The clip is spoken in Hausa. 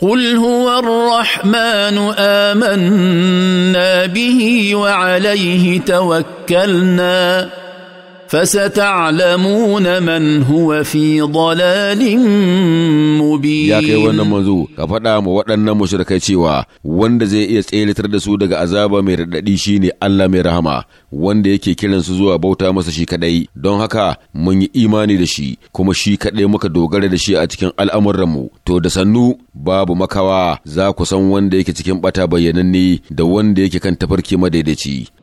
قل هو الرحمن امنا به وعليه توكلنا فستعلمون من هو في ضلال ya kai wannan manzo ka faɗa wa waɗannan mushrikai cewa wanda zai iya tseratar da su daga azaba mai raɗaɗi shine Allah mai rahama wanda yake kiran su zuwa bauta masa shi kadai don haka mun yi imani da shi kuma shi kadai muka dogara da shi a cikin al'amuranmu to da sannu babu makawa za ku san wanda yake cikin bata bayyananne da wanda yake kan tafarki madaidaici